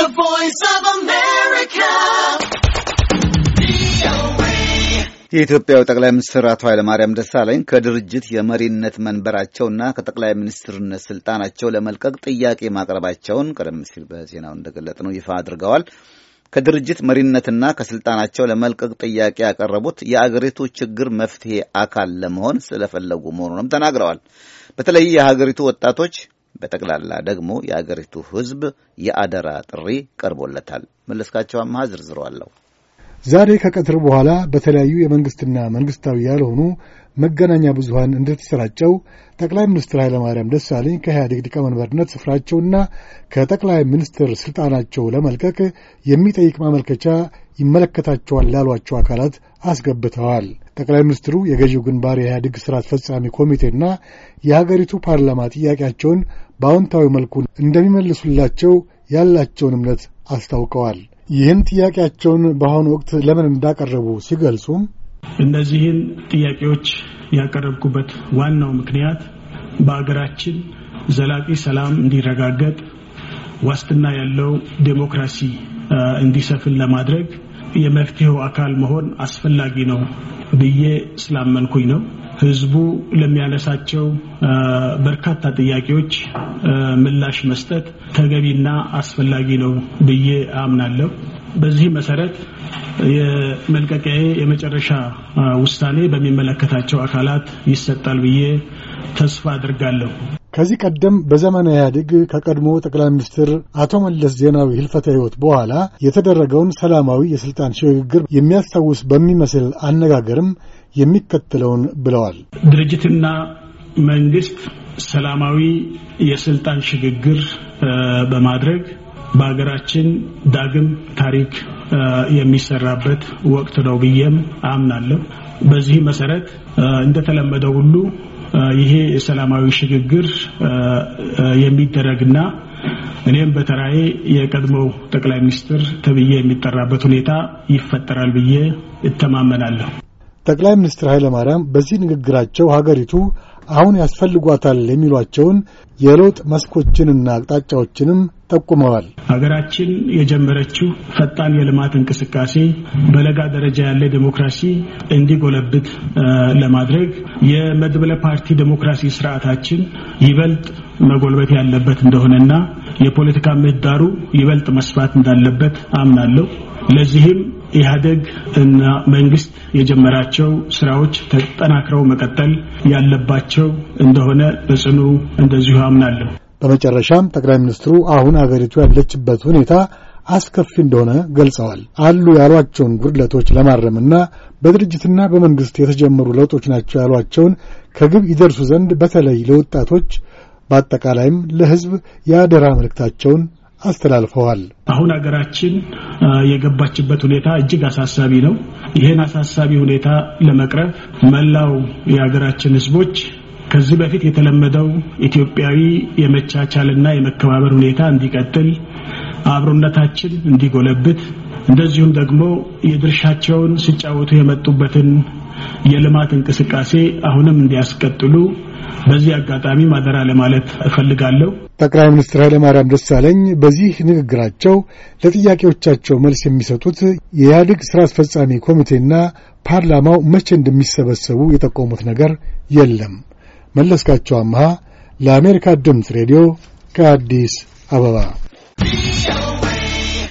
The Voice of America. የኢትዮጵያው ጠቅላይ ሚኒስትር አቶ ኃይለማርያም ደሳለኝ ከድርጅት የመሪነት መንበራቸውና ከጠቅላይ ሚኒስትርነት ስልጣናቸው ለመልቀቅ ጥያቄ ማቅረባቸውን ቀደም ሲል በዜናው እንደገለጥ ነው ይፋ አድርገዋል። ከድርጅት መሪነትና ከስልጣናቸው ለመልቀቅ ጥያቄ ያቀረቡት የአገሪቱ ችግር መፍትሄ አካል ለመሆን ስለፈለጉ መሆኑንም ተናግረዋል። በተለይ የሀገሪቱ ወጣቶች በጠቅላላ ደግሞ የአገሪቱ ሕዝብ የአደራ ጥሪ ቀርቦለታል። መለስካቸው አማሃ ዝርዝሯ አለው። ዛሬ ከቀትር በኋላ በተለያዩ የመንግሥትና መንግሥታዊ ያልሆኑ መገናኛ ብዙሀን እንደተሰራጨው ጠቅላይ ሚኒስትር ኃይለማርያም ደሳለኝ ከኢህአዴግ ሊቀመንበርነት ስፍራቸውና ከጠቅላይ ሚኒስትር ሥልጣናቸው ለመልቀቅ የሚጠይቅ ማመልከቻ ይመለከታቸዋል ላሏቸው አካላት አስገብተዋል። ጠቅላይ ሚኒስትሩ የገዢው ግንባር የኢህአዴግ ሥራ አስፈጻሚ ኮሚቴና የሀገሪቱ ፓርላማ ጥያቄያቸውን በአዎንታዊ መልኩ እንደሚመልሱላቸው ያላቸውን እምነት አስታውቀዋል። ይህን ጥያቄያቸውን በአሁኑ ወቅት ለምን እንዳቀረቡ ሲገልጹም እነዚህን ጥያቄዎች ያቀረብኩበት ዋናው ምክንያት በሀገራችን ዘላቂ ሰላም እንዲረጋገጥ ዋስትና ያለው ዴሞክራሲ እንዲሰፍን ለማድረግ የመፍትሄው አካል መሆን አስፈላጊ ነው ብዬ ስላመንኩኝ ነው። ህዝቡ ለሚያነሳቸው በርካታ ጥያቄዎች ምላሽ መስጠት ተገቢና አስፈላጊ ነው ብዬ አምናለሁ። በዚህ መሰረት የመልቀቂያዬ የመጨረሻ ውሳኔ በሚመለከታቸው አካላት ይሰጣል ብዬ ተስፋ አድርጋለሁ። ከዚህ ቀደም በዘመነ ኢህአዴግ ከቀድሞ ጠቅላይ ሚኒስትር አቶ መለስ ዜናዊ ህልፈተ ህይወት በኋላ የተደረገውን ሰላማዊ የስልጣን ሽግግር የሚያስታውስ በሚመስል አነጋገርም የሚከተለውን ብለዋል። ድርጅትና መንግስት ሰላማዊ የስልጣን ሽግግር በማድረግ በሀገራችን ዳግም ታሪክ የሚሰራበት ወቅት ነው ብዬም አምናለሁ። በዚህ መሰረት እንደተለመደው ሁሉ ይሄ የሰላማዊ ሽግግር የሚደረግና እኔም በተራዬ የቀድሞው ጠቅላይ ሚኒስትር ተብዬ የሚጠራበት ሁኔታ ይፈጠራል ብዬ እተማመናለሁ። ጠቅላይ ሚኒስትር ኃይለ ማርያም በዚህ ንግግራቸው ሀገሪቱ አሁን ያስፈልጓታል የሚሏቸውን የለውጥ መስኮችንና አቅጣጫዎችንም ጠቁመዋል። ሀገራችን የጀመረችው ፈጣን የልማት እንቅስቃሴ በለጋ ደረጃ ያለ ዴሞክራሲ እንዲጎለብት ለማድረግ የመድበለ ፓርቲ ዴሞክራሲ ስርዓታችን ይበልጥ መጎልበት ያለበት እንደሆነና የፖለቲካ ምህዳሩ ይበልጥ መስፋት እንዳለበት አምናለሁ። ለዚህም ኢህአደግ እና መንግስት የጀመራቸው ስራዎች ተጠናክረው መቀጠል ያለባቸው እንደሆነ በጽኑ እንደዚሁ አምናለሁ። በመጨረሻም ጠቅላይ ሚኒስትሩ አሁን አገሪቱ ያለችበት ሁኔታ አስከፊ እንደሆነ ገልጸዋል። አሉ ያሏቸውን ጉድለቶች ለማረምና በድርጅትና በመንግስት የተጀመሩ ለውጦች ናቸው ያሏቸውን ከግብ ይደርሱ ዘንድ በተለይ ለወጣቶች በአጠቃላይም ለሕዝብ የአደራ መልእክታቸውን አስተላልፈዋል። አሁን ሀገራችን የገባችበት ሁኔታ እጅግ አሳሳቢ ነው። ይህን አሳሳቢ ሁኔታ ለመቅረፍ መላው የሀገራችን ህዝቦች ከዚህ በፊት የተለመደው ኢትዮጵያዊ የመቻቻልና የመከባበር ሁኔታ እንዲቀጥል፣ አብሮነታችን እንዲጎለብት እንደዚሁም ደግሞ የድርሻቸውን ሲጫወቱ የመጡበትን የልማት እንቅስቃሴ አሁንም እንዲያስቀጥሉ በዚህ አጋጣሚ ማደራ ለማለት እፈልጋለሁ። ጠቅላይ ሚኒስትር ኃይለማርያም ደሳለኝ በዚህ ንግግራቸው ለጥያቄዎቻቸው መልስ የሚሰጡት የኢህአዴግ ስራ አስፈጻሚ ኮሚቴና ፓርላማው መቼ እንደሚሰበሰቡ የጠቆሙት ነገር የለም። መለስካቸው አምሃ ለአሜሪካ ድምፅ ሬዲዮ ከአዲስ አበባ